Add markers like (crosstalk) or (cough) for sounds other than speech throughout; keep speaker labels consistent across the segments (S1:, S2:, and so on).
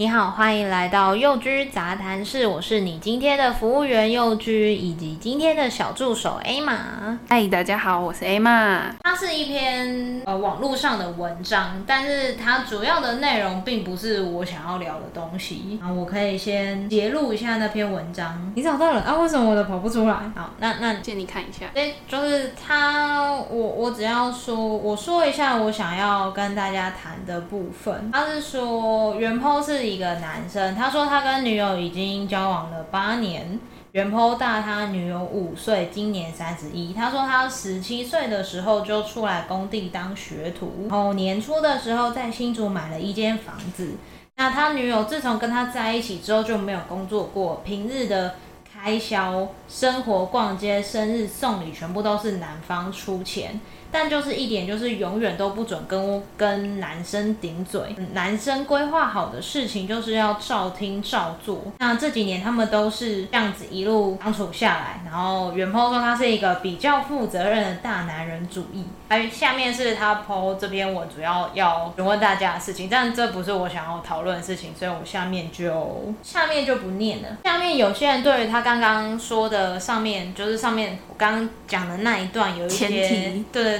S1: 你好，歡迎來到祐 G 雜談室，我是你今天的服務員祐 G，以及今天的小助手 Emma。
S2: 嗨，大家好，我是 Emma。
S1: 它是一篇呃網絡上的文章，但是它主要的內容並不是我想要聊的東西啊。我可以先截錄一下那篇文章。你找到了啊？為什麼我的跑不出來？好，那那借你看一下。所以就是他，我我只要說我說一下我想要跟大家談的部分。他是說原 PO 是一個男生，他說他跟女友已經交往了八年，原 PO 大他女友五歲，今年三十一。他說他十七歲的時候就出來工地當學徒，然後年初的時候在新竹買了一間房子。那他女友自從跟他在一起之後就沒有工作過，平日的。開銷、生活、逛街、生日、送禮，全部都是男方出錢。但就是一點，就是永遠都不准跟跟男生頂嘴、嗯。男生規劃好的事情就是要照聽照做。那這幾年他們都是這樣子一路相處下來。然後原 PO 說他是一個比較負責任的大男人主義。還有下面是他 PO 這邊，我主要要詢問大家的事情，但這不是我想要討論的事情，所以我下面就下面就不念了。下面有些人對於他剛剛說的上面，就是上面我剛剛講的那一段有一些提對。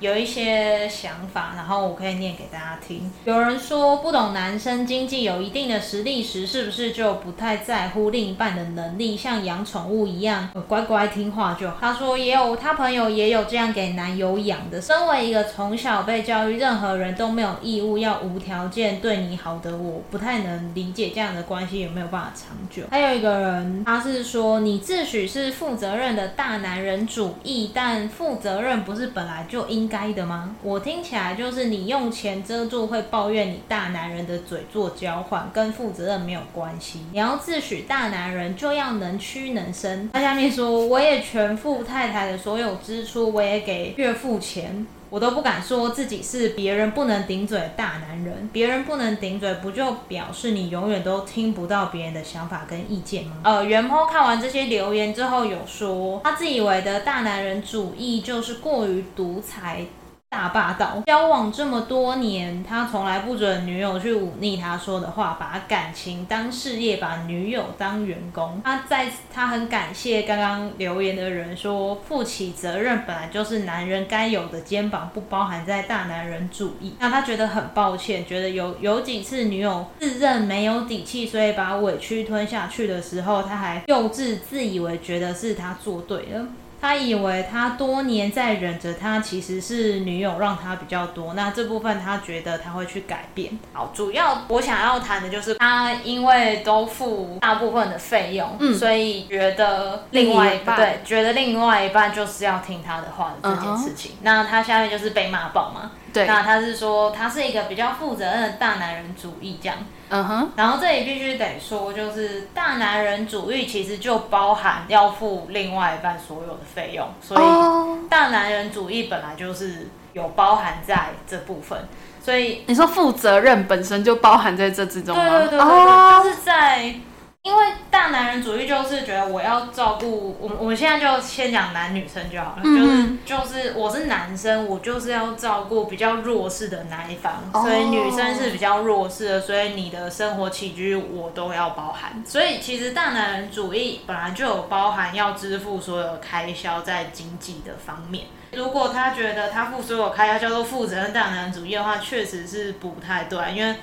S1: 有一些想法，然後我可以念給大家聽。有人說不懂男生經濟，有一定的實力時，是不是就不太在乎另一半的能力，像養寵物一樣乖乖聽話就好。他說也有他朋友也有這樣給男友養的。身為一個從小被教育任何人都沒有義務要無條件對你好的，我不太能理解這樣的關係有沒有辦法長久。還有一個人，他是說你自詡是負責任的大男人主義，但負責任不是本來就應。該的嗎？我聽起來就是你用錢遮住會抱怨你大男人的嘴做交換，跟負責任沒有關係。你要自詡大男人，就要能屈能伸。他下面說，我也全付太太的所有支出，我也給岳父錢。我都不敢說自己是別人不能頂嘴的大男人，別人不能頂嘴，不就表示你永遠都聽不到別人的想法跟意見嗎？呃，原 PO 看完這些留言之後，有說他自以為的大男人主義就是過於獨裁。大霸道，交往這麼多年，他從來不准女友去忤逆他說的話，把感情當事業，把女友當員工。他在他很感謝剛剛留言的人說，負起責任本來就是男人該有的肩膀，不包含在大男人主義。那他覺得很抱歉，覺得有有幾次女友自認沒有底氣，所以把委屈吞下去的時候，他還幼稚自以為覺得是他做對了。他以為他多年在忍着，他其實是女友讓他比較多。那這部分他覺得他會去改變。好，主要我想要談的就是他因為都付大部分的費用，嗯，所以覺得另外一半，另一半對，覺得另外一半就是要聽他的話的這件事情。Uh-huh. 那他下面就是被罵爆嘛？對，那他是說他是一個比較負責任的大男人主義這樣。嗯哼，uh huh. 然後這裡必須得說，就是大男人主義其實就包含要付另外一半所有的費用，所以大男人主義本來就是有包含在這部分，所以
S2: 你說負責任本身就包含在這之中嗎？對對，對，對，
S1: 對，oh. 是在。因為大男人主義就是覺得我要照顧我，我現在就先講男女生就好了。就是、嗯、就是，就是、我是男生，我就是要照顧比較弱勢的那一方，所以女生是比較弱勢的，所以你的生活起居我都要包含。所以其實大男人主義本來就有包含要支付所有開銷在經濟的方面。如果他覺得他付所有開銷叫做負責任大男人主義的話，確實是不太對，因為。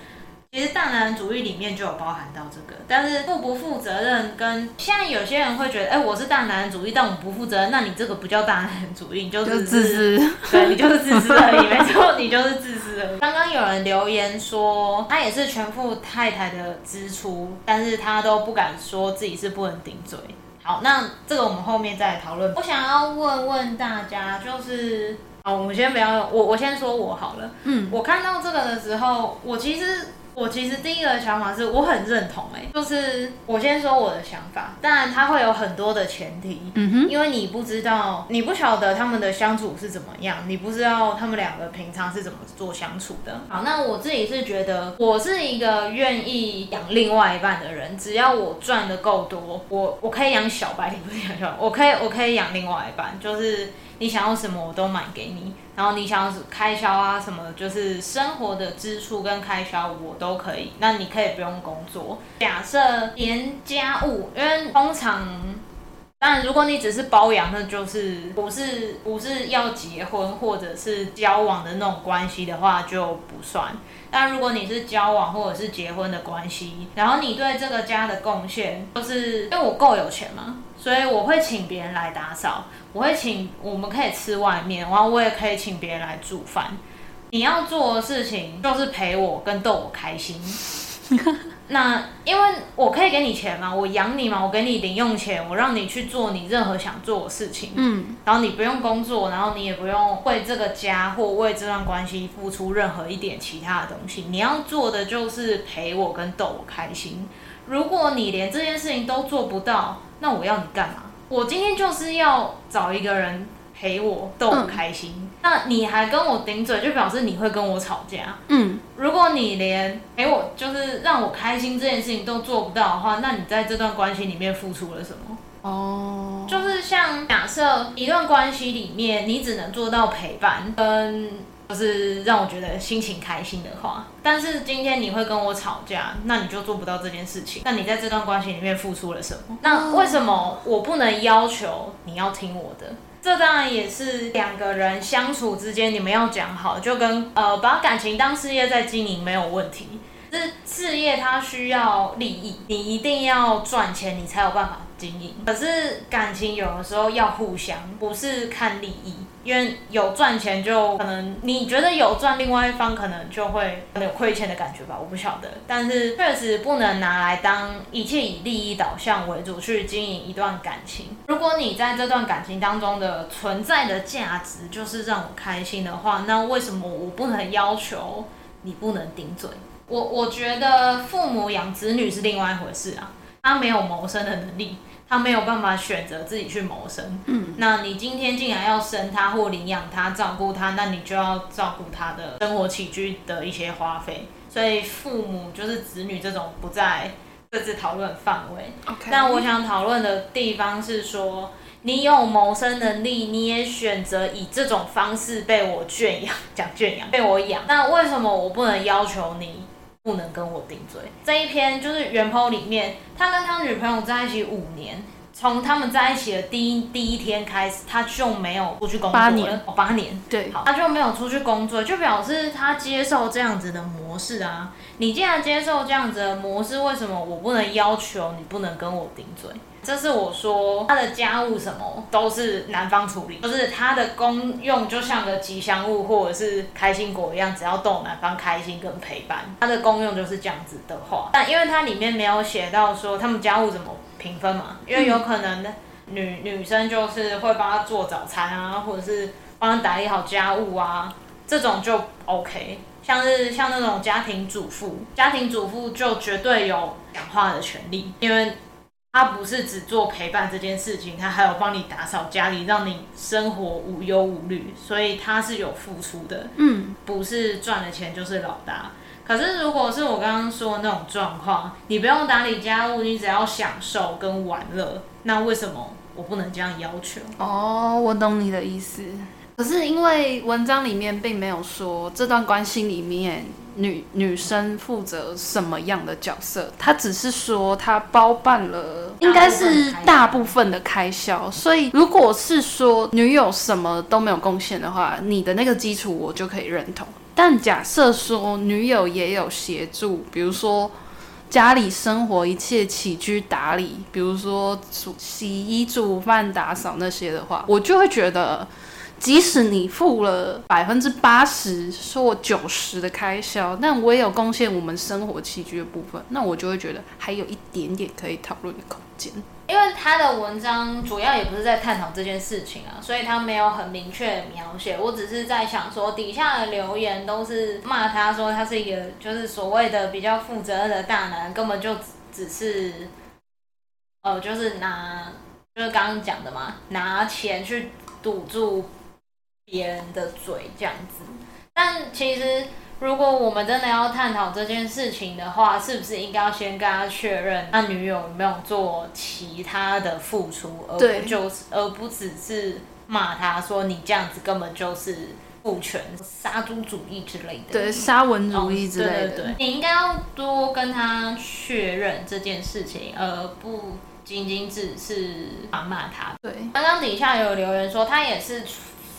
S1: 其實大男人主義裡面就有包含到這個，但是負不，不負責任跟，跟現在有些人會覺得，哎，我是大男人主義，但我不負責任，那你這個不叫大男人主義，你就是自私，自私對，你就是自私而已， (laughs) 沒錯，你就是自私而已。剛剛有人留言說，他也是全付太太的支出，但是他都不敢說自己是不能頂嘴。好，那這個我們後面再討論。我想要問問大家，就是，好，我們先不要，我我先說我好了，嗯，我看到這個的時候，我其實。我其實第一個想法是，我很認同誒、欸，就是我先說我的想法，當然他會有很多的前提，嗯哼，因為你不知道，你不曉得他們的相處是怎麼樣，你不知道他們兩個平常是怎麼做相處的。好，那我自己是覺得，我是一個願意養另外一半的人，只要我賺得夠多，我我可以養小白，你不是養小白，我可以我可以養另外一半，就是。你想要什麼我都買給你，然後你想要開銷啊什麼，就是生活的支出跟開銷我都可以。那你可以不用工作。假設連家務，因為通常當然，如果你只是包養，那就是不是不是要結婚或者是交往的那種關係的話就不算。但如果你是交往或者是結婚的關係，然後你對這個家的貢獻，就是因為我夠有錢嗎？所以我會請別人來打掃，我會請，我們可以吃外面，然後我也可以請別人來煮飯。你要做的事情就是陪我跟逗我開心。 (laughs) 那因為我可以給你錢嘛，我養你嘛，我給你零用錢，我讓你去做你任何想做的事情。嗯，然後你不用工作，然後你也不用為這個家或為這段關係付出任何一點其他的東西。你要做的就是陪我跟逗我開心。如果你連這件事情都做不到，那我要你幹嘛？我今天就是要找一個人陪我逗我開心。嗯，那你還跟我頂嘴，就表示你會跟我吵架。嗯，如果你連陪我就是讓我開心這件事情都做不到的話，那你在這段關係裡面付出了什麼？
S2: 哦，
S1: 就是像假設一段關係裡面，你只能做到陪伴跟。就是讓我覺得心情開心的話，但是今天你會跟我吵架，那你就做不到這件事情。那你在這段關係裡面付出了什麼？那為什麼我不能要求你要聽我的？這當然也是兩個人相處之間，你們要講好，就跟呃把感情當事業在經營沒有問題。是事業它需要利益，你一定要賺錢，你才有辦法經營。可是感情有的時候要互相，不是看利益。因為有賺錢，就可能你覺得有賺，另外一方可能就會有虧欠的感覺吧。我不曉得，但是確實不能拿來當一切以利益導向為主去經營一段感情。如果你在這段感情當中的存在的價值就是讓我開心的話，那為什麼我不能要求你不能頂嘴？我我覺得父母養子女是另外一回事啊，他沒有謀生的能力。他沒有辦法選擇自己去謀生，嗯，那你今天既然要生他或領養他、照顧他，那你就要照顧他的生活起居的一些花費，所以父母就是子女這種不在各自討論範圍。Okay. 那我想討論的地方是說，你有謀生能力，你也選擇以這種方式被我圈養，講圈養，被我養，那為什麼我不能要求你？不能跟我頂嘴。這一篇就是原 PO 裡面，他跟他女朋友在一起五年，從他們在一起的第一第一天開始，他就沒有出去工作了。八年，哦，八年，對，好，他就沒有出去工作，就表示他接受這樣子的模式啊。你既然接受這樣子的模式，為什麼我不能要求你不能跟我頂嘴？這是我說，他的家務什麼都是男方處理，就是他的功用就像個吉祥物或者是開心果一樣，只要逗男方開心跟陪伴，他的功用就是這樣子的話。但因為它裡面沒有寫到說他們家務怎麼平分嘛，因為有可能女、嗯、女生就是會幫他做早餐啊，或者是幫他打理好家務啊，這種就 OK。像是像那種家庭主婦，家庭主婦就絕對有講話的權利，因為。他不是只做陪伴這件事情，他還有幫你打掃家裡，讓你生活無憂無慮，所以他是有付出的。嗯，不是賺了錢就是老大。可是如果是我剛剛說的那種狀況，你不用打理家務，你只要享受跟玩樂，那為什麼我不能這樣要求？
S2: 哦，我懂你的意思。可是因為文章裡面並沒有說這段關係裡面。女女生負責什麼樣的角色？她只是說她包辦了，應該是大部分的開銷。所以，如果是說女友什麼都沒有貢獻的話，你的那個基礎我就可以認同。但假設說女友也有協助，比如說家裡生活一切起居打理，比如說洗洗衣、煮飯、打掃那些的話，我就會覺得。即使你付了百分之八十或九十的開銷，但我也有貢獻我們生活起居的部分，那我就會覺得還有一點點可以討論的空間。
S1: 因為他的文章主要也不是在探討這件事情啊，所以他沒有很明確的描寫。我只是在想說，底下的留言都是罵他說他是一個就是所謂的比較負責任的大男，根本就只，只是呃，就是拿就是剛剛講的嘛，拿錢去堵住。別人的嘴這樣子，但其實如果我們真的要探討這件事情的話，是不是應該要先跟他確認，他女友有沒有做其他的付出，而不就是而不只是罵他說你這樣子根本就是父權、沙豬主義之類的，對，對沙
S2: 文主義之類的，哦，對對對，你
S1: 應該要多跟他確認這件事情，而不僅僅只是罵他。對，剛剛底下有留言說他也是。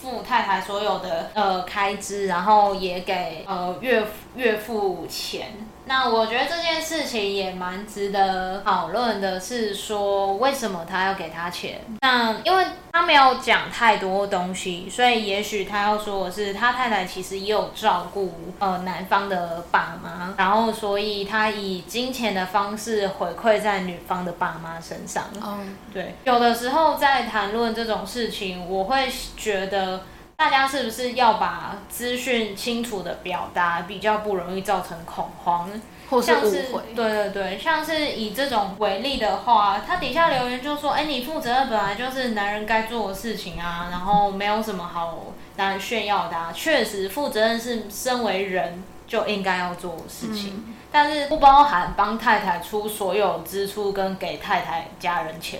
S1: 付太太所有的呃開支，然後也給呃岳父岳父錢。那我覺得這件事情也蠻值得討論的，是說為什麼他要給他錢？那因為他沒有講太多東西，所以也許他要說的是，他太太其實也有照顧呃男方的爸媽，然後所以他以金錢的方式回饋在女方的爸媽身上。嗯，對，有的時候在談論這種事情，我會覺得，大家是不是要把資訊清楚的表達，比較不容易造成恐慌或是誤會？像是，對對對，像是以這種為例的話，他底下留言就說：“哎、欸，你負責任本來就是男人該做的事情啊，然後沒有什麼好男人炫耀的啊。確實，負責任是身為人就應該要做的事情，嗯、但是不包含幫太太出所有支出跟給太太家人錢。”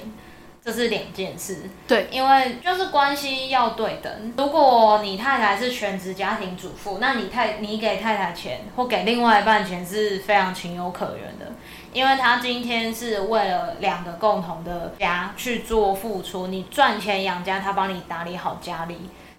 S1: 這是兩件事，對，因為就是關係要對等。如果你太太是全職家庭主婦，那你太你給太太錢或給另外一半錢是非常情有可原的，因為她今天是為了兩個共同的家去做付出，你賺錢養家，她幫你打理好家裡，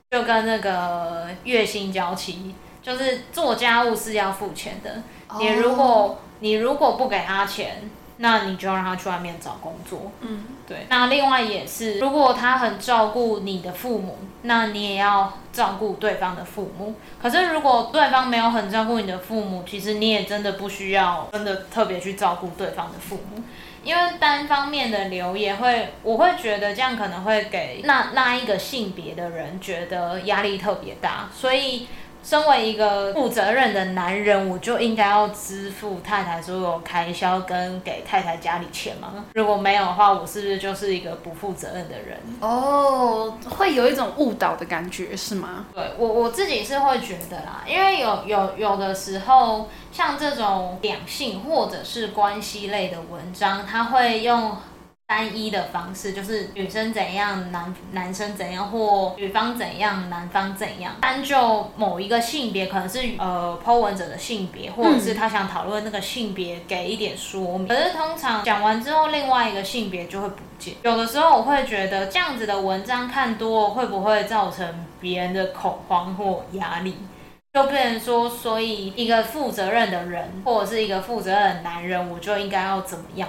S1: 就跟那個月薪嬌妻，就是做家務是要付錢的。你如果、Oh. 你如果不給她錢。那你就要讓他去外面找工作。嗯，對。那另外也是，如果他很照顧你的父母，那你也要照顧對方的父母。可是如果對方沒有很照顧你的父母，其實你也真的不需要，真的特別去照顧對方的父母，因為單方面的留言會，我會覺得這樣可能會給那那一個性別的人覺得壓力特別大，所以。身為一個負責任的男人，我就應該要支付太太所有開銷跟給太太家裡錢嗎？如果沒有的話，我是不是就是一個不負責任的人？哦
S2: ，oh, 會有一種誤導的感覺，是嗎？對，我我
S1: 自己是會覺得啦，因為有有有的時候，像這種兩性或者是關係類的文章，它會用。單一的方式就是女生怎樣，男男生怎樣，或女方怎樣，男方怎樣。單就某一個性別，可能是呃，po 文者的性別，或者是他想討論那個性別，給一點說明。嗯。可是通常講完之後，另外一個性別就會不見。有的時候我會覺得，這樣子的文章看多了，會不會造成別人的恐慌或壓力？就變成說，所以一個負責任的人，或者是一個負責任的男人，我就應該要怎麼樣？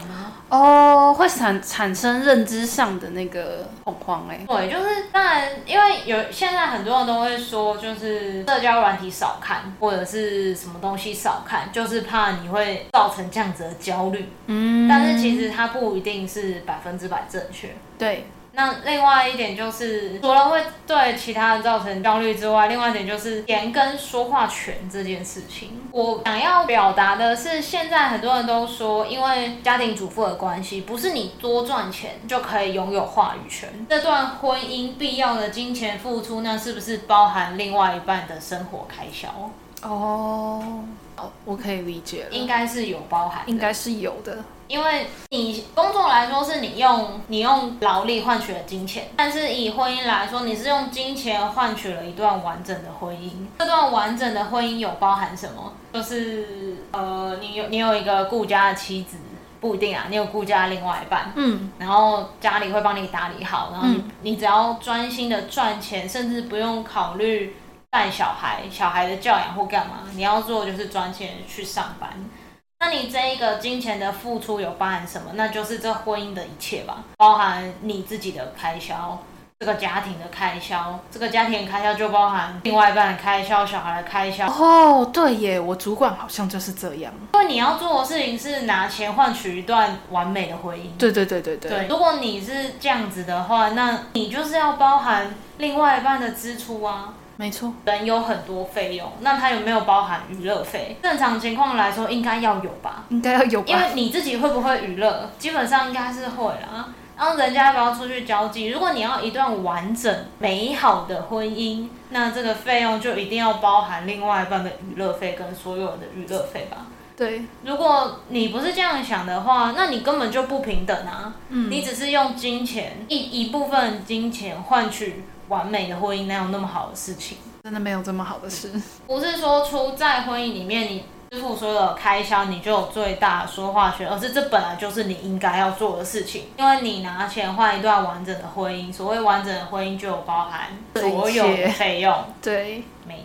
S2: 哦，會產產生認知上的那個恐慌哎。對，就
S1: 是當然，因為有現在很多人都會說，就是社交軟體少看，或者是什麼東西少看，就是怕你會造成這樣子的焦慮。嗯，但是其實它不一定是百分之百正確。對。那另外一點就是，除了會對其他人造成焦慮之外，另外一點就是錢跟說話權這件事情。我想要表達的是，現在很多人都說，因為家庭主婦的關係，不是你多賺錢就可以擁有話語權。這段婚姻必要的金錢付出，那是不是包含另外一半的生活開銷？
S2: 哦。我可以理解，應該是有包含，應該是有的。因為你工作
S1: 來說，是你用你用勞力換取了金錢；但是以婚姻來說，你是用金錢換取了一段完整的婚姻。這段完整的婚姻有包含什麼？就是呃，你有你有一個顧家的妻子，不一定啊，你有顧家的另外一半，嗯，然後家裡會幫你打理好，然後你，嗯，你只要專心的賺錢，甚至不用考慮。帶小孩、小孩的教養或幹嘛，你要做的就是賺錢去上班。那你這一個金錢的付出有包含什麼？那就是這婚姻的一切吧，包含你自己的開銷、這個家庭的開銷、這個家庭開銷就包含另外一半的開銷、小孩的開銷。哦，oh,
S2: 對耶，我主管好像就是這樣。因
S1: 為你要做的事情是拿錢換取一段完美的婚姻。
S2: 對對對對對。對，如
S1: 果你是這樣子的話，那你就是要包含另外一半的支出啊。沒錯，人有很多費用，那他有沒有包含娛樂費？正常情況來說，應該要有吧？
S2: 應該要有吧？因為
S1: 你自己會不會娛樂？基本上應該是會啦。然後人家不要出去交際。如果你要一段完整、美好的婚姻，那這個費用就一定要包含另外一半的娛樂費跟所有的娛樂費吧？對。如果你不是這樣想的話，那你根本就不平等啊！嗯，你只是用金錢一一部分金錢換取。完美的婚
S2: 姻哪有那麼好的事情？真的沒有這麼好的事。
S1: 不是說出在婚姻裡面，你支付所有的開銷，你就有最大的說話權，而是這本來就是你應該要做的事情。因為你拿錢換一段完整的婚姻，所謂完整的婚姻就有包含
S2: 所有費用，對，沒。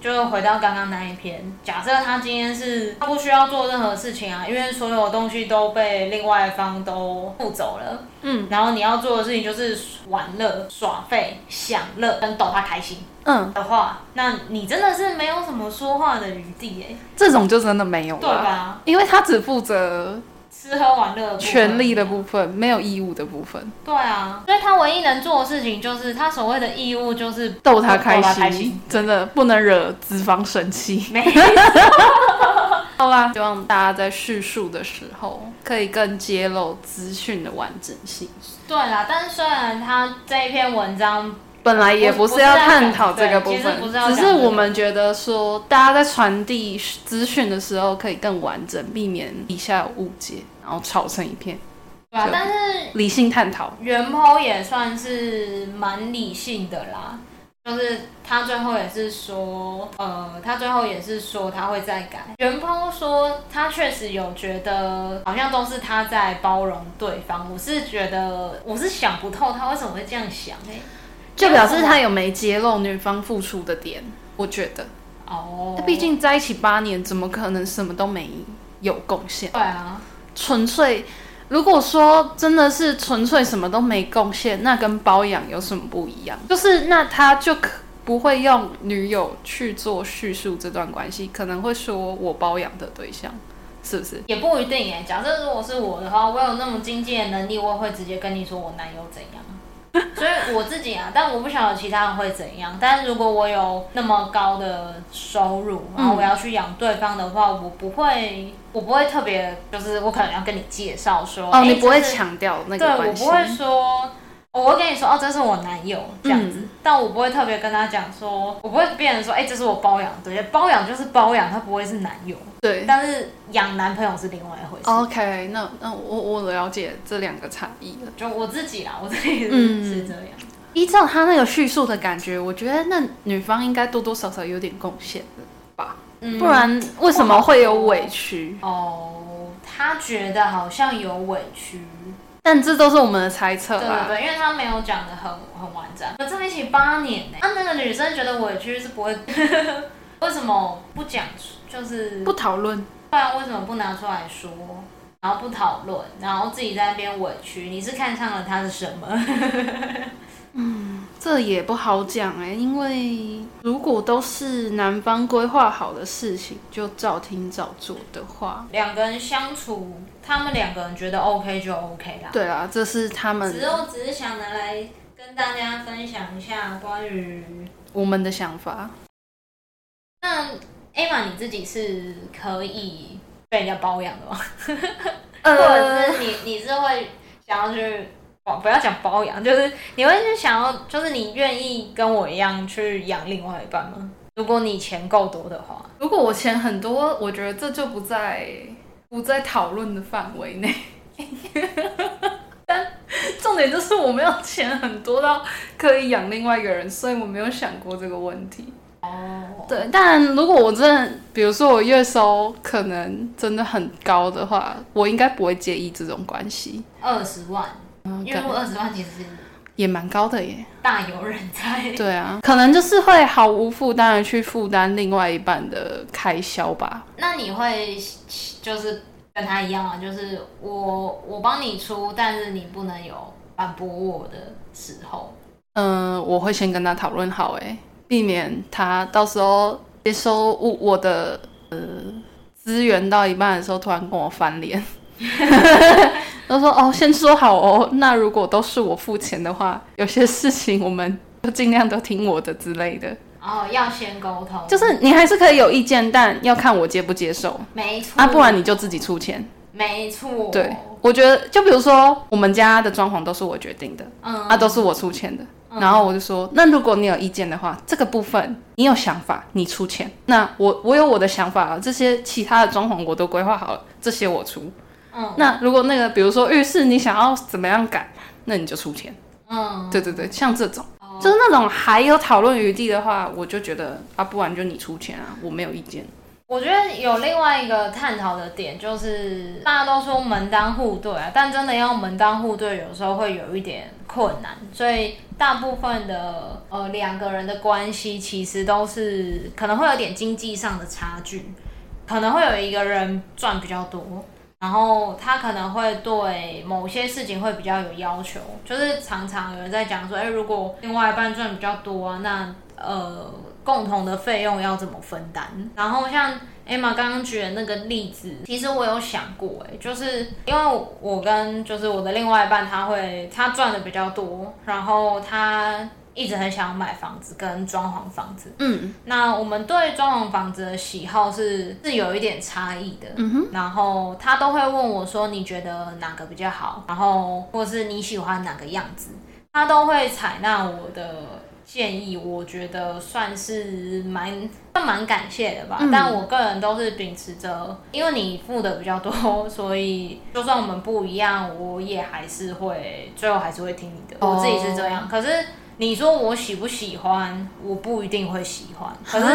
S1: 就回到剛剛那一篇。假設他今天是他不需要做任何事情啊，因為所有東西都被另外一方都付走了。嗯，然後你要做的事情就是玩樂、耍廢、享樂，跟逗他開心。嗯，的話，嗯、那你真的是沒有什麼說話的餘地誒、欸，
S2: 這種就真的沒有、啊，對吧？因為他只負責。
S1: 吃喝玩樂，權利
S2: 的部分沒有義務的部分。
S1: 對啊，所以他唯一能做的事情就是他所謂的義務就
S2: 是逗他開心，開心對真的不能惹脂肪生氣。沒錯 (laughs) 好吧，希望大家在敘述的時候可以更揭露資訊的完整性。
S1: 對啦，但是雖然他這一篇文章。
S2: 本來也不是要探討這個部分，只是我們覺得說，大家在傳遞資訊的時候可以更完整，避免底下有誤解，然後吵成一片。對啊，但是理性探討，
S1: 原 PO 也算是蠻理性的啦。就是他最後也是說，呃，他最後也是說他會再改。原 PO 說他確實有覺得，好像都是他在包容對方。我是覺得，我是想不透他為什麼會這樣想，欸。
S2: 就表示他有沒揭露女方付出的點。我覺得哦，他畢竟在一起八年，怎麼可能什麼都沒有貢獻？對啊，純粹如果說真的是純粹什麼都沒貢獻，那跟包養有什麼不一樣？就是那他就不會用女友去做敘述這段關係，可能會說我包養的對象，是不是？也
S1: 不一定耶。假設如果是我的話，我有那麼經濟的能力，我會直接跟你說我男友怎樣。 (laughs) 所以我自己啊，但我不曉得其他人會怎樣。但是如果我有那麼高的收入，嗯、然後我要去養對方的話，我不會，我不會特別，就是我可能要跟你介紹說，哦，欸、你不會強
S2: 調那個關係，對，我不會說。
S1: 我會跟你說哦，這是我男友這樣子，嗯、但我不會特別跟他講說，我不會變成說，哎、欸，這是我包養，對，包養就是包養，他不會是男
S2: 友，對，但是
S1: 養男朋友是另外一回
S2: 事。OK，那那我我了解這兩個差異了，就我自己啦，我自己是，、嗯、是這樣。依照他那個敘述的感覺，我覺得那女方應該多多少少有點貢獻的吧，嗯、不然為什麼會有委屈哦？
S1: 哦，他覺得好像有委屈。
S2: 但這都是我們的猜測，啊、對對對，因為
S1: 他沒有講得很很完整。我們在一起八年呢，欸、那、啊、那個女生覺得委屈是不會， (laughs) 為什麼不講？就是不討論，不然為什麼不拿出來說？然後不討論，然後自己在那邊委屈。你是看上了他的什麼？ (laughs) 嗯。
S2: 這也不好講哎、欸，因為如果都是男方規劃好的事情，就照聽照做的話，
S1: 兩個人相處，他們兩個人覺得 OK 就 OK 啦。對
S2: 啊，這是他們。只是我
S1: 只是想拿來跟大家分享一下關於
S2: 我們的想法。
S1: 那 Emma 你自己是可以被人家包養的嗎？呃、 (laughs) 或者是你你是會想要去？不要講包養，就是你會是想要，就是你願意跟我一樣去養另外一半嗎？如果你錢夠多的話，
S2: 如果我錢很多，我覺得這就不在不在討論的範圍內。但重點就是我沒有錢很多到可以養另外一個人，所以我沒有想過這個問題。哦、啊，對，但如果我真的，比如說我月收可能真的很高的話，我應該不會介意這種關係。二
S1: 十萬。因為我二十
S2: 萬其實也蠻高的耶，
S1: 大有人在。對啊，可
S2: 能就是會毫無負擔的去負擔另外一半的開銷吧。
S1: 那你會就是跟他一樣啊，就是我我幫你出，但是你不能有反駁我的時候。
S2: 嗯、呃，我會先跟他討論好，哎，避免他到時候接收我我的呃資源到一半的時候突然跟我翻臉。 (laughs) 他說：“哦，先說好哦，那如果都是我付錢的話，有些事情我們就儘量都聽我的之類的。哦，
S1: 要先溝通，就是
S2: 你還是可以有意見，但要看我接不接受。
S1: 沒錯，啊，不然你就
S2: 自己出錢。
S1: 沒錯，對，
S2: 我覺得就比如說我們家的裝潢都是我決定的，嗯，啊，都是我出錢的。嗯，然後我就說，那如果你有意見的話，這個部分你有想法，你出錢。那我我有我的想法啊，這些其他的裝潢我都規劃好了，這些我出。”嗯，那如果那個，比如說浴室你想要怎麼樣改，那你就出錢。嗯，對對對，像這種，哦，就是那種還有討論餘地的話，我就覺得啊，不然就你出錢啊，我沒有意見。
S1: 我覺得有另外一個探討的點就是，大家都說門當戶對啊，但真的要門當戶對，有時候會有一點困難，所以大部分的呃兩個人的關係其實都是可能會有點經濟上的差距，可能會有一個人賺比較多。然後他可能會對某些事情會比較有要求，就是常常有人在講說，誒，如果另外一半賺比較多啊，那呃，共同的費用要怎麼分擔？然後像 Emma 剛剛舉的那個例子，其實我有想過誒，誒就是因為我跟就是我的另外一半他，他會他賺的比較多，然後他。一直很想買房子跟裝潢房子，嗯，那我們對裝潢房子的喜好是是有一點差異的，嗯哼，然後他都會問我說，你覺得哪個比較好，然後或是你喜歡哪個樣子，他都會採納我的建議，我覺得算是蠻算蠻感謝的吧，嗯，但我個人都是秉持着，因為你付的比較多，所以就算我們不一樣，我也還是會最後還是會聽你的，哦，我自己是這樣，可是，你說我喜不喜歡？我不一定會喜歡。可是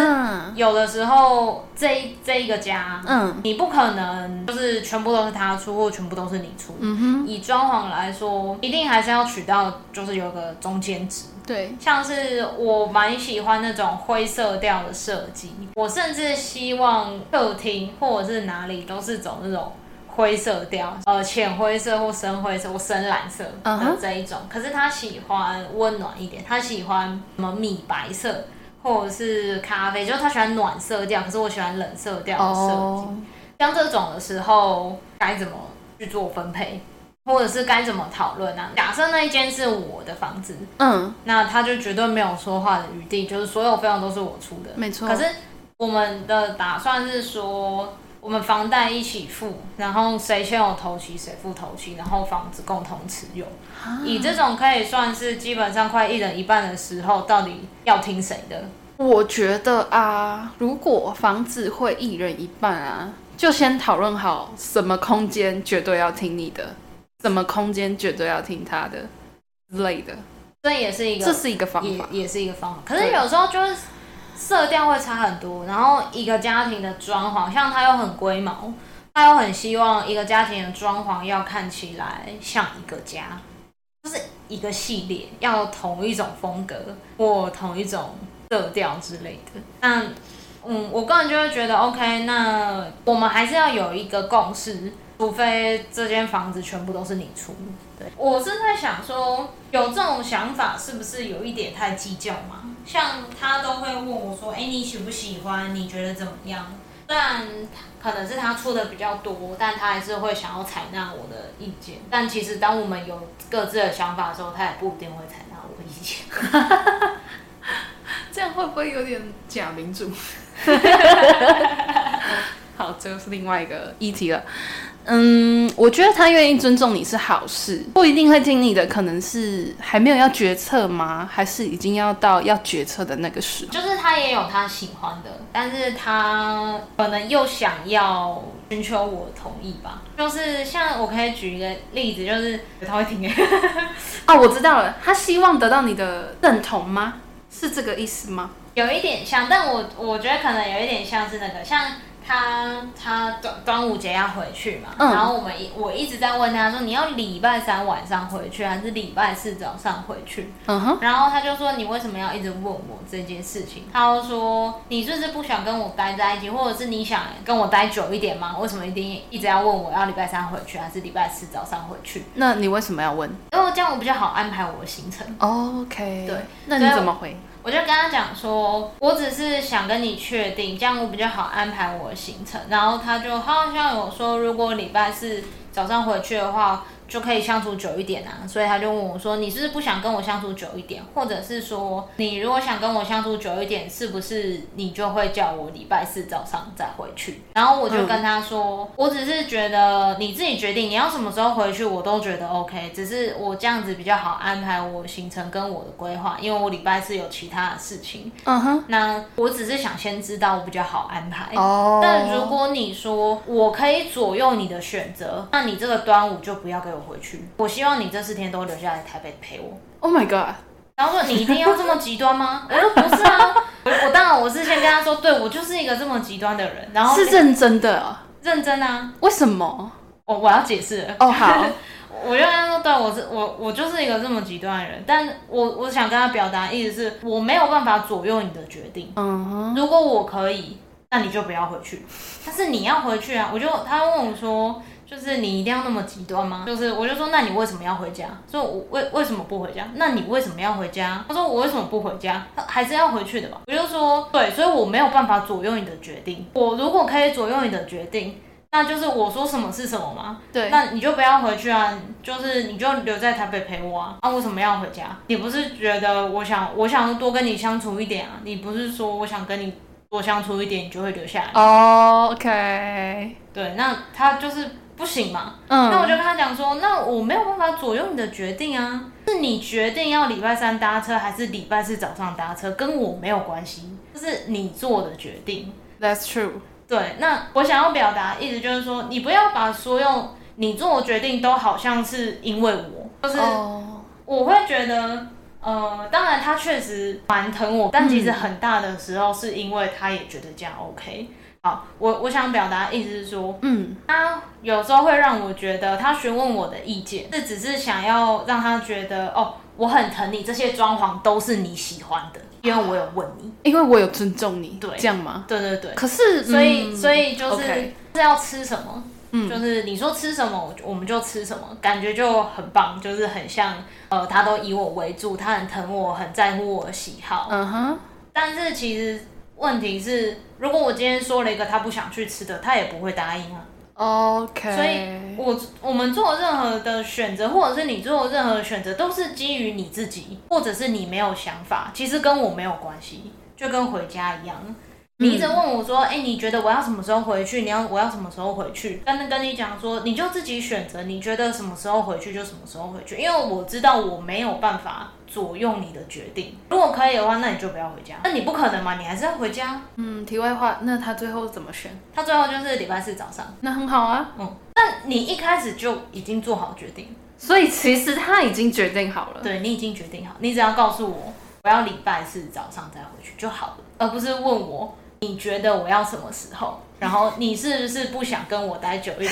S1: 有的時候，這一這一個家，嗯，你不可能就是全部都是他出，或全部都是你出。嗯哼，以裝潢來說，一定還是要取到，就是有個中間值。對，像是我蠻喜歡那種灰色調的設計，我甚至希望客廳或者是哪裡都是走那種。灰色調，呃，淺灰色或深灰色、或深藍色，嗯，uh huh. 這一種。可是他喜歡溫暖一點，他喜歡什麼米白色或者是咖啡，就是他喜歡暖色調。可是我喜歡冷色調的、oh. 像這種的時候該怎麼去做分配，或者是該怎麼討論呢？假設那一間是我的房子，嗯、uh，huh. 那他就絕對沒有說話的餘地，就是所有費用都是我出的，沒錯。可是我們的打算是說。我們房貸一起付，然後誰先有頭期誰付頭期，然後房子共同持有。哈以這種可以算是基本上快一人一半的時候，到底要聽誰的？
S2: 我覺得啊，如果房子會一人一半啊，就先討論好什麼空間絕對要聽你的，什麼空間絕對要聽他的之類的。這也是一個，這是一個方法也，也是一個方法。可是有
S1: 時候就是。色調會差很多，然後一個家庭的裝潢，像他又很龜毛，他又很希望一個家庭的裝潢要看起來像一個家，就是一個系列，要同一種風格或同一種色調之類的。那，嗯，我個人就會覺得，OK，那我們還是要有一個共識，除非這間房子全部都是你出。對我是在想說，有這種想法是不是有一點太計較嘛？像他都會問我說：“哎，你喜不喜歡？你覺得怎麼樣？”雖然可能是他出的比較多，但他還是會想要採納我的意見。但其實，當我們有各自的想法的時候，他也不一定會採納我的意見。
S2: (laughs) 這樣會不會有點假民主？ (laughs) (laughs) (laughs) 好，這就是另外一個議題了。嗯，我覺得他願意尊重你是好事，不一定會聽你的，可能是還沒有要決策嗎？還是已經要到要決策的那個時候？就
S1: 是他也有他喜歡的，但是他可能又想要尋求我同意吧。就是像我可以舉一個例
S2: 子，就是他會聽。 (laughs) 哦，我知道了，他希望得到你的認同嗎？是這個意思嗎？
S1: 有一點像，但我我覺得可能有一點像是那個像。他他端端午節要回去嘛，嗯、然後我們我一直在問他說，你要禮拜三晚上回去還是禮拜四早上回去，嗯、哼然後他就說，你為什麼要一直問我這件事情？他就說你就是，是不想跟我待在一起，或者是你想跟我待久一點嗎？為什麼一定一直要問我要禮拜三回去還是禮拜四早上回去？
S2: 那你為什麼要問？因
S1: 為這樣我比較好安排我的行程。Oh, OK，對，
S2: 那你怎麼回？
S1: 我就跟他講說，我只是想跟你確定，這樣我比較好安排我的行程。然後他就好像有說，如果禮拜四早上回去的話，就可以相處久一點啊，所以他就問我說：“你是不是不想跟我相處久一點？或者是說，你如果想跟我相處久一點，是不是你就會叫我禮拜四早上再回去？”然後我就跟他說：“我只是覺得你自己決定你要什麼時候回去，我都覺得 OK。只是我這樣子比較好安排我行程跟我的規劃，因為我禮拜四有其他的事情。嗯哼，那我只是想先知道我比較好安排。哦，但如果你說我可以左右你的選擇，那你這個端午就不要給我。”回去，我希望你這四天都留下來台北陪我。Oh my god！然後說你一定要這麼極端嗎？我說不是啊我，我當然我是先跟他說，對我就是一個這麼極端的人，然後是認
S2: 真的、哦，認真啊。為什麼？
S1: 我、oh, 我要解釋哦。Oh, 好， (laughs) 我就跟他說，對我是，我我就是一個這麼極端的人，但我我想跟他表達的意思是我沒有辦法左右你的決定。嗯哼、uh-huh. 如果我可以，那你就不要回去。但是你要回去啊，我就他問我說。就是你一定要那麼極端嗎？就是我就說，那你為什麼要回家？說我為為什麼不回家？那你為什麼要回家？他說我為什麼不回家？他還是要回去的吧？我就說對，所以我沒有辦法左右你的決定。我如果可以左右你的決定，那就是我說什麼是什麼嘛。對，那你就不要回去啊，就是你就留在台北陪我啊。那、啊、為什麼要回家？你不是覺得我想我想多跟你相處一點啊？你不是說我想跟你多相處一點，你就會留下
S2: 來？哦、oh，OK，
S1: 對，那他就是。不行嘛？嗯，那我就跟
S2: 他講說，那我沒有辦法左
S1: 右你的決定啊，是你決定要禮拜三搭車還是禮拜四早上搭車，跟我沒有關係，這、就是你做的決定。That's true。對，那我想要表達的意思就是說，你不要把所有你做的決定都好像是因為我，就是我會覺得，oh. 呃，當然他確實蠻疼我，但其實很大的時候是因為他也覺得這樣 OK。好，我我想表達意思是說，嗯，他有時候會讓我覺得，他詢問我的意見是只是想要讓他覺得，哦，我很疼你，這些裝潢都是你喜歡的，因為我
S2: 有問你，因為我有尊重你，對，這樣嗎？對對對。可是，嗯，所以所以
S1: 就是是要吃什麼？嗯 okay，就是你說吃什麼，我們就吃什麼，嗯，感覺就很棒，就是很像，呃，他都以我為主，他很疼我，很在乎我的喜好。嗯哼。但是其實。問題是，如果我今天說了一個他不想去吃的，他也不會答應啊。
S2: OK，所以
S1: 我我們做任何的選擇，或者是你做任何的選擇，都是基於你自己，或者是你沒有想法，其實跟我沒有關係，就跟回家一樣。嗯、你一直問我說：“哎、欸，你覺得我要什麼時候回去？你要我要什麼時候回去？”但剛跟你講說，你就自己選擇，你覺得什麼時候回去就什麼時候回去，因為我知道我沒有辦法左右你的決定。如果可以的話，那你就不要回家。那你不可能嘛？你還是要回家。嗯，
S2: 題外話，那他最後怎麼選？
S1: 他最後就是禮拜四早上。那很好啊。嗯，那你一開始就已經做好決定，所以其實他已經決定好了。對，你已經決定好，你只要告訴我我要禮拜四早上再回去就好了，而不是問我。你覺得我要什麼時候？然後你是不是不想跟我待久一點？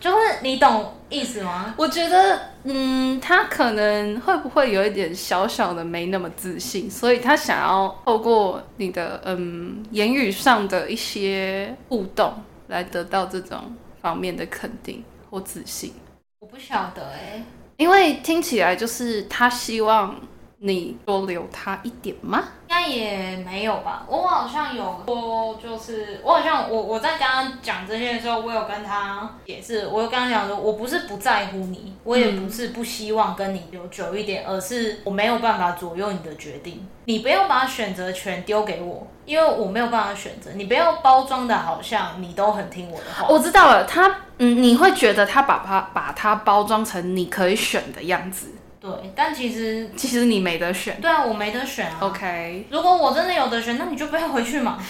S1: 就是你懂意思嗎？
S2: 我覺得，嗯，他可能會不會有一點小小的沒那麼自信，所以他想要透過你的，嗯，言語上的一些互動，來得到這種方面的肯定或自信。我不曉得，欸，因為聽起來就是他希望。你多留他一點嗎？應
S1: 該也沒有吧。我好像有說，就是我好像我我在剛剛講這些的時候，我有跟他解釋，我有跟他講說，我不是不在乎你，我也不是不希望跟你留久一點，嗯、而是我沒有辦法左右你的決定。你不要把選擇權丟給我，因為我沒有辦法選擇。你不要包裝的好像你都
S2: 很聽我的話。我知道了，他嗯，你會覺得他把他把他包裝成你可以選的樣子。
S1: 對，但其實
S2: 其實你沒得選。對啊，
S1: 我沒得選啊。OK，如果我真的有得選，那你就不要回去嘛。 (laughs)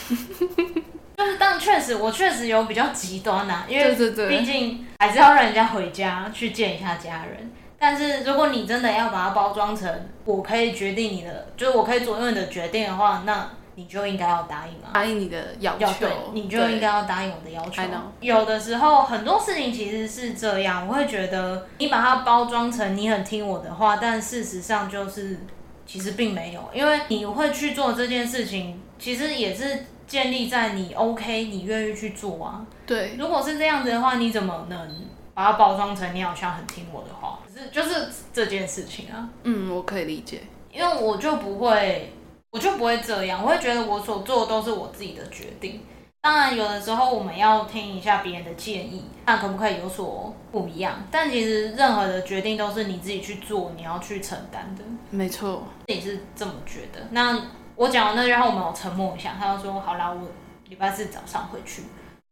S1: 就是，但確實我確實有比較極端啊。因為畢竟還是要讓人家回家去見一下家人。但是如果你真的要把它包裝成我可以決定你的，就是我可以左右你的決定的話，那。你就應該要答應嗎？
S2: 啊？答應你的要求，要你就應該要答應我的要求。
S1: 有的時候很多事情其實是這樣，我會覺得你把它包裝成你很聽我的話，但事實上就是其實並沒有、欸，因為你會去做這件事情，其實也是建立在你 OK，你願意去做啊。對，如果是這樣子的話，你怎麼能把它包裝成你好像很聽我的話？是就是這
S2: 件事情啊。嗯，我可以理解，因為我就不會。我
S1: 就不會這樣，我會覺得我所做的都是我自己的決定。當然，有的時候我們要聽一下別人的建議，看可不可以有所不一樣。但其實任何的決定都是你自己去做，你要去承擔的。沒錯，你是這麼覺得。那我講完那句，然後我們沉默一下。他就說：“好啦，我禮拜四早上回去。”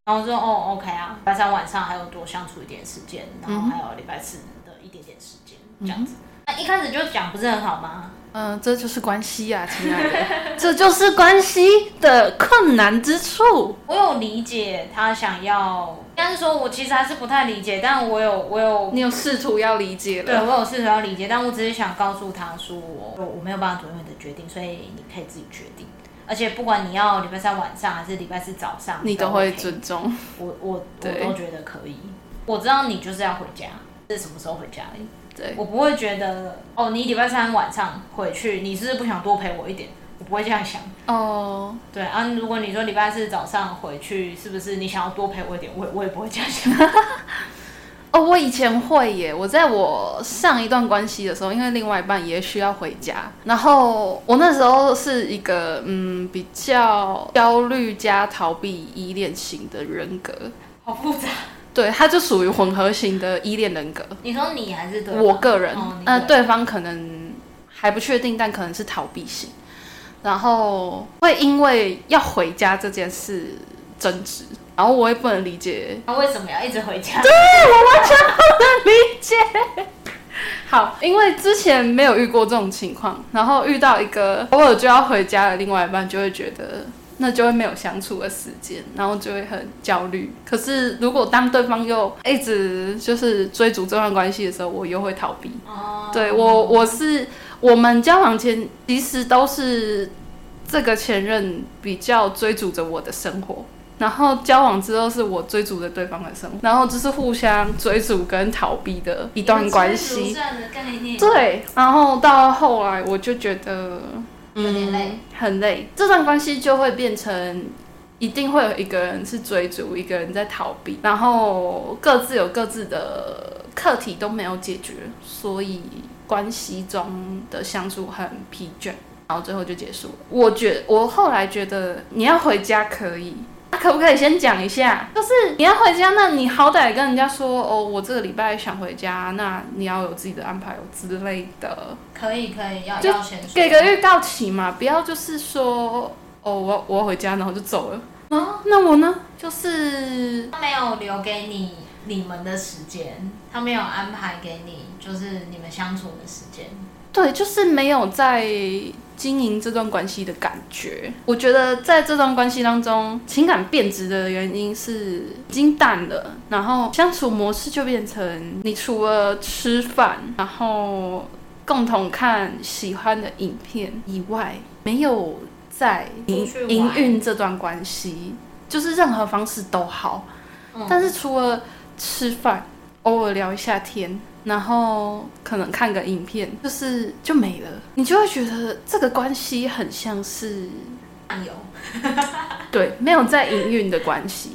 S1: 然後說：“哦，OK 啊，禮拜三晚上還有多相處一點時間，然後還有禮拜四的一點點時間，嗯哼這樣子。”那一開始就講不是很好嗎？
S2: 嗯，這就是關係呀，啊，親愛的。 (laughs) 這就是關係的困難之處。
S1: 我有理解他想要，但是說我其實還是不太理解。但我有，我有，你有試圖要理解了。對，我有試圖要理解，但我只是想告訴他說我，我我沒有辦法左右你的決定，所以你可以自己決定。而且不管你要禮拜三晚上還是禮拜四早上，你都 OK, 你都會尊重我。我對我都覺得可以。我知道你就是要回家，是什麼時候回家而已。對我不會覺得哦，你禮拜三,三晚上回去，你是不、是不想多陪我一點？我不會這樣想
S2: 哦。Oh. 對
S1: 啊，如果你說禮拜四早上回去，是不是你想要多
S2: 陪我一點？我我也不會這樣想。 (laughs) 哦，我以前會耶。我在我上一段關係的時候，因為另外一半也需要回家，然後我那時候是一個嗯比較焦慮加逃避依戀型的人格，好複雜。對，他就屬於混合型的依戀人格。你
S1: 說你還是對我個人，那、哦對，呃、對
S2: 方可能還不確定，但可能是逃避型，然後會因為要回家這件事爭執，然後我也不能理解他
S1: 為什麼要一直回家。對我完
S2: 全不能理解。好，因為之前沒有遇過這種情況，然後遇到一個偶爾就要回家的另外一半，就會覺得。那就會沒有相處的時間，然後就會很焦慮。可是如果當對方又一直就是追逐這段關係的時候，我又會逃避。哦，對我我是、嗯、我們交往前其實都是這個前任比較追逐着我的生活，然後交往之後是我追逐着對方的生活，然後就是互相追逐跟逃避的一段關係。對，然後到後來我就覺得。有點累。嗯，很累。這段關係就會變成，一定會有一個人是追逐，一個人在逃避，然後各自有各自的課題都沒有解決，所以關係中的相處很疲倦，然後最後就結束了。我覺，我後來覺得你要回家可以。可不可以先講一下？就是你要回家，那你好歹跟人家說哦，我這個禮拜想回家，那你要有自己的安排之類的。可以可以，要先給個預告期嘛，嗯、不要就是說哦，我要我要回家，然後就走了。啊，那我呢？就是
S1: 他沒有留給你你們的時間，他沒有安排給你，就是你們相處的時間。
S2: 對，就是沒有在。經營這段關係的感覺，我覺得在這段關係當中，情感變質的原因是已經淡了，然後相處模式就變成你除了吃飯，然後共同看喜歡的影片以外，沒有在營營運這段關係，就是任何方式都好，嗯、但是除了吃飯，偶爾聊一下天。然後可能看個影片，就是就沒了，你就會覺得這個關係很像是，有，對，沒有在營運的關係，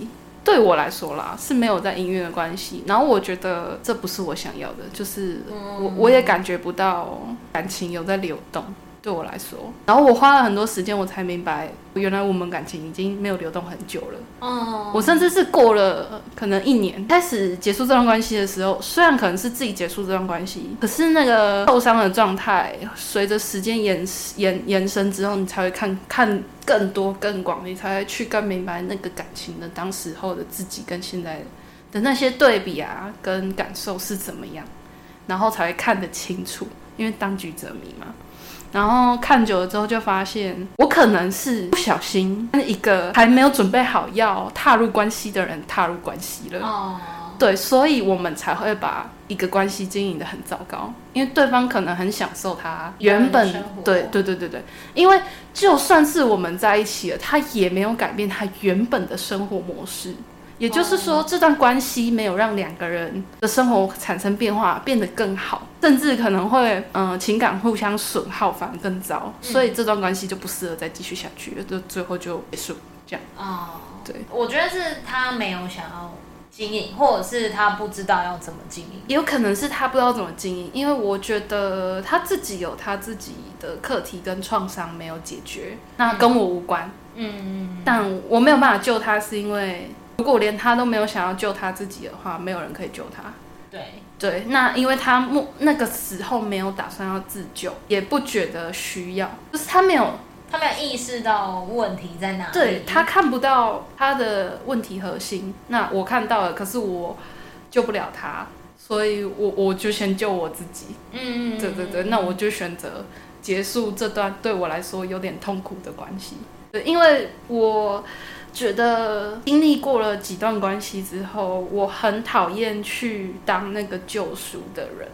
S2: 對我來說啦是沒有在營運的關係。然後我覺得這不是我想要的，就是我我也感覺不到感情有在流動。對我來說，然後我花了很多時間，我才明白，原來我們感情已經沒有流動很久了。哦，oh. 我甚至是過了可能一年，開始結束這段關係的時候，雖然可能是自己結束這段關係，可是那個受傷的狀態，隨着時間延延延伸之後，你才會看看更多更廣，你才會去更明白那個感情的當時候的自己跟現在的那些對比啊，跟感受是怎麼樣，然後才會看得清楚，因為當局者迷嘛。然後看久了之後，就發現我可能是不小心跟一個還沒有準備好要踏入關係的人踏入關係
S1: 了。
S2: 對，所以我們才會把一個關係經營得很糟糕，因為對方可能很享受他原本對對對對對，因為就算是我們在一起了，他也沒有改變他原本的生活模式。也就是說，這段關係沒有讓兩個人的生活產生變化，變得更好，甚至可能會嗯、呃、情感互相損耗，反而更糟。嗯、所以這段關係就不適合再繼續下去了，就最後就結束這樣。哦，對，
S1: 我覺得是他沒有想要經營，或者是他不知道要怎麼經營，
S2: 有可能是他不知道怎麼經營，因為我覺得他自己有他自己的課題跟創傷沒有解決，那、嗯、跟我無關。嗯嗯，嗯嗯，但我沒有辦法救他，是因為。如果連他都沒有想要救他自己的話，沒有人可以救他。對對，那因為他那個時候沒有打算要自救，也不覺得需要，就是他沒有，
S1: 他沒有意識到問題在哪裡。對，
S2: 他看不到他的問題核心。那我看到了，可是我救不了他，所以我我就先救我自己。嗯嗯，嗯。對對對，那我就選擇結束這段對我來說有點痛苦的關係，對，因為我。覺得經歷過了幾段關係之後，我很討厭去當那個救贖的人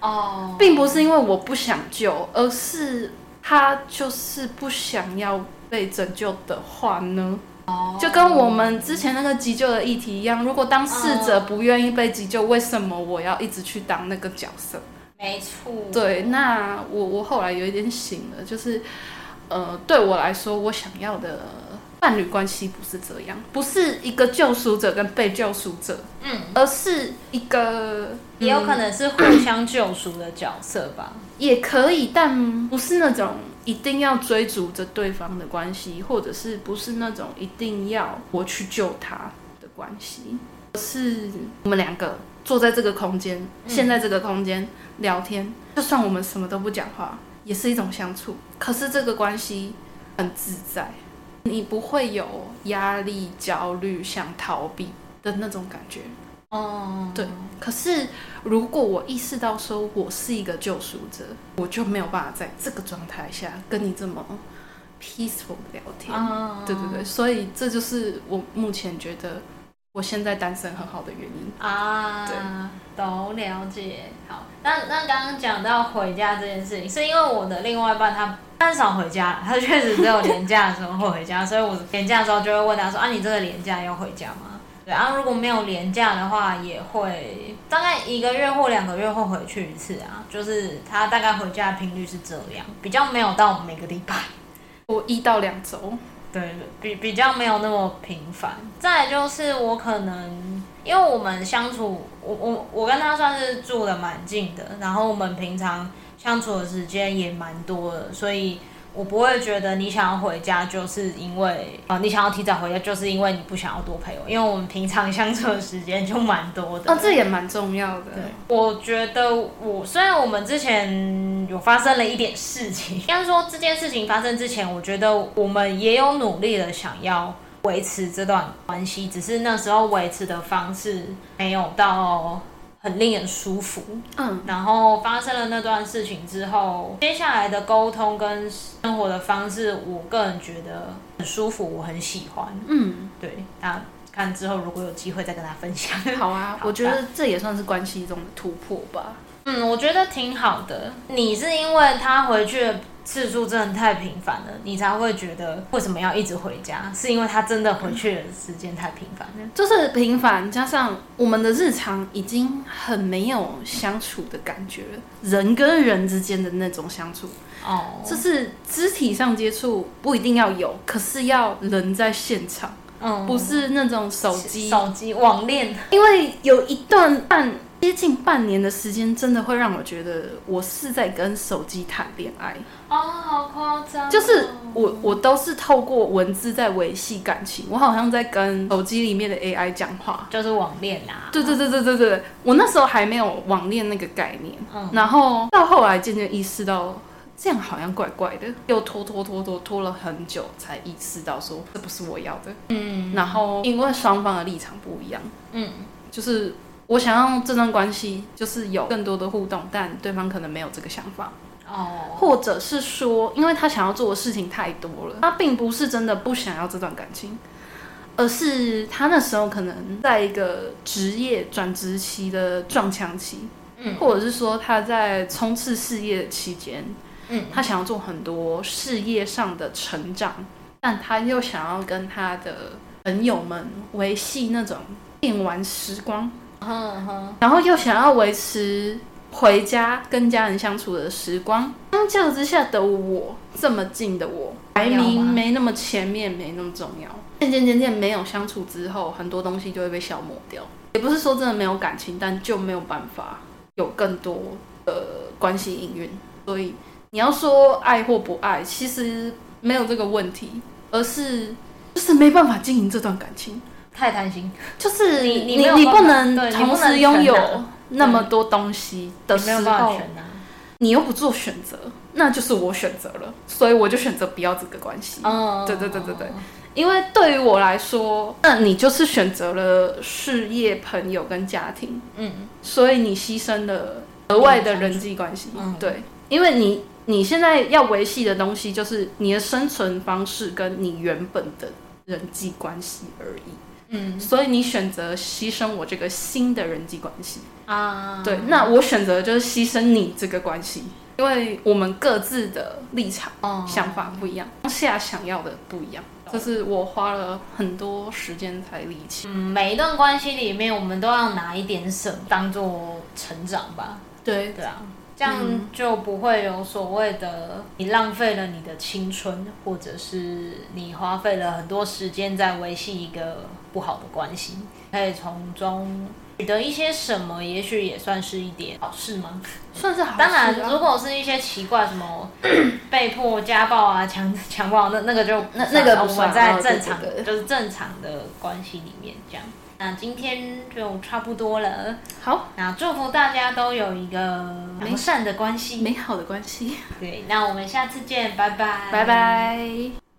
S2: 哦，oh. 並不是因為我不想救，而是他就是不想要被拯救的話呢哦，oh. 就跟我們之前那個急救的議題一樣，如果當事者不願意被急救，oh. 為什麼我要一直去當那個角色？
S1: 沒錯，對，
S2: 那我我後來有一點醒了，就是呃，對我來說，我想要的。伴侶關係不是這樣，不是一個救贖者跟被救贖者，嗯，而是一個也有可能是互相救贖的角色吧，嗯，也可以，但不是那種一定要追逐着對方的關係，或者是不是那種一定要我去救他的關係，是，我們兩個坐在這個空間，現在這個空間聊天，嗯，就算我們什麼都不講話，也是一種相處。可是這個關係很自在。你不會有壓力、焦慮、想逃避的那種感覺，哦，oh. 對。可是，如果我意識到說我是一個救贖者，我就沒有辦法在這個狀態下跟你這麼 peaceful 的聊天，oh. 對對對。所以，這就是我目前覺得。我現在單身很好的原因啊，對都了解。好，
S1: 那那剛剛講到回家這件事情，是因為我的另外一半他很少回家，他確實只有年假的時候會回家， (laughs) 所以我年假的時候就會問他說：“啊，你這個年假要回家嗎？”對啊，如果沒有年假的話，也會大概一個月或兩個月會回去一次啊，就是他大概回家的頻率是這樣，比較沒有到每個禮拜，我一到兩周。對，比比較沒有那麼頻繁，再就是我可能因為我們相處，我我我跟他算是住得蠻近的，然後我們平常相處的時間也蠻多的，所以，我不會覺得你想要回家，就是因為啊、呃，你想要提早回家，就是因為你不想要多陪我，因為我們平常相處的時間就蠻多的。那、哦、這也
S2: 蠻重要的。對
S1: 我覺得我雖然我們之前有發生了一點事情，應該 (laughs) 說這件事情發生之前，我覺得我們也有努力的想要維持這段關係，只是那時候維持的方式沒有到。很令人舒服，嗯，然後發生了那段事情之後，接下來的溝通跟生活的方式，我個人覺得很舒服，我很喜歡，嗯，對，那看之後如果有機會再跟他分享。好啊，好吧我覺得這也算是關係中的突破吧，嗯，我覺得挺好的。你是因為他回去？次數真的太頻繁了，你才會覺得為什麼要一直回家？是因為他真的回去的時間太頻繁了，
S2: 嗯、就是頻繁加上我們的日常已經很沒有相處的感覺了，人跟人之間的那種相處，哦，就是肢體上接觸不一定要有，可是要人在現場，嗯，不是那種手機手機網戀，因為有一段半。接近半年的時間，真的會讓我覺得我是在跟手機談戀愛。Oh, 哦，好誇張！就是我，我都是透過文字在維繫感情，我好像在跟手機裡面的 AI 講話，就是網戀啊。對對對對對對對，嗯，我那時候還沒有網戀那個概念，嗯，然後到後來漸漸意識到，這樣好像怪怪的，又拖拖拖拖拖了很久，才意識到說這不是我要的，嗯，然後因為雙方的立場不一樣，嗯，就是。我想要這段關係，就是有更多的互動，但對方可能沒有這個想法哦，oh. 或者是說，因為他想要做的事情太多了，他並不是真的不想要這段感情，而是他那時候可能在一個職業轉職期的撞牆期，mm. 或者是說他在衝刺事業的期間，嗯，mm. 他想要做很多事業上的成長，但他又想要跟他的朋友們維繫那種電玩時光。嗯哼，uh huh. 然後又想要維持回家跟家人相處的時光，相較之下的我，這麼近的我，排名沒那麼前面，沒那麼重要。漸漸漸漸沒有相處之後，很多東西就會被消磨掉。也不是說真的沒有感情，但就沒有辦法有更多的關係應運。所以你要說愛或不愛，其實沒有這個問題，而是就是沒辦法經營這段感情。太貪心，就是你你你，你不能同時擁有那麼多東西的時候，你，啊、你又不做選擇，那就是我選擇了，所以我就選擇不要這個關係。哦，Oh. 對對對對對，因為對於我來說，那你就是選擇了事業、朋友跟家庭。嗯嗯，所以你犧牲了額外的人際關係。嗯，Oh. 對，因為你你現在要維繫的東西就是你的生存方式跟你原本的人際關係而已。嗯，所以你選擇犧牲我這個新的人際關係啊？嗯、
S1: 對，
S2: 那我選擇就是犧牲你這個關係，因為我們各自的立場、嗯、想法不一樣，當下想要的不一樣。就是我花了很多時間才理清。嗯，每一段
S1: 關係裡面，我們都要拿一點捨，當做成長吧。對對啊，嗯、這樣就不會有所謂的你浪費了你的青春，或者是你花費了很多時間在維繫一個。不好的關係，可以從中取得一些什麼？也許也算是一點好事嗎？
S2: 算是好事啊。當然，如
S1: 果是一些奇怪什麼，被迫家暴啊、強強暴，那那個就那那，那個不我們在正常那個、這個、就是正常的關係裡面這樣。那今天就差不多了。好，那祝福大家都有一個美
S2: 善的關係，美好的關係。對，
S1: 那我們下次見，拜拜，拜拜。